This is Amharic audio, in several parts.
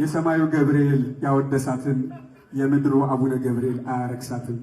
የሰማዩ ገብርኤል ያወደሳትን የምድሩ አቡነ ገብርኤል አያረክሳትም።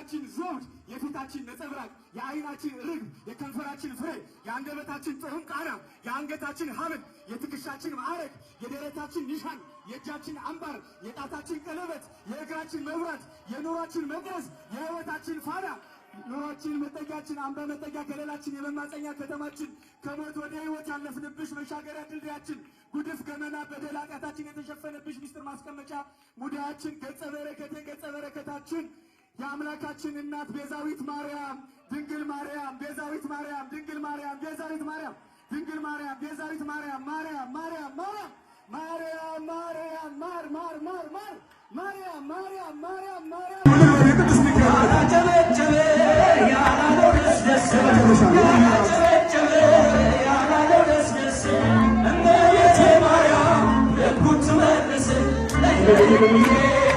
የእግራችን ዘውድ፣ የፊታችን ነጸብራቅ፣ የዓይናችን ርግብ፣ የከንፈራችን ፍሬ፣ የአንደበታችን ጥዑም ቃና፣ የአንገታችን ሀብል የትከሻችን ማዕረግ፣ የደረታችን ኒሻን፣ የእጃችን አምባር፣ የጣታችን ቀለበት፣ የእግራችን መብራት፣ የኑሯችን መቅረዝ፣ የሕይወታችን ፋና ኑሯችን መጠጊያችን፣ አምባ መጠጊያ፣ ከለላችን፣ የመማፀኛ ከተማችን፣ ከሞት ወደ ሕይወት ያለፍንብሽ መሻገሪያ ድልድያችን፣ ጉድፍ ገመና በደል ኃጢአታችን የተሸፈነብሽ ሚስጥር ማስቀመጫ ሙዳያችን፣ ገጸ በረከቴ ገጸ በረከታችን የአምላካችን እናት ቤዛዊት ማርያም ድንግል ማርያም ቤዛዊት ማርያም ድንግል ማርያም ቤዛዊት ማርያም ድንግል ማርያም ቤዛዊት ማርያም ማርያም ማርያም ማርያም ማርያም ማርያም ማር ማር ማር ማር ማርያም ማርያም ማርያም ማርያም ማርያም ማርያም ማርያም ማርያም ማርያም ማርያም ማርያም ማርያም ማርያም ማርያም ማርያም ትመልስ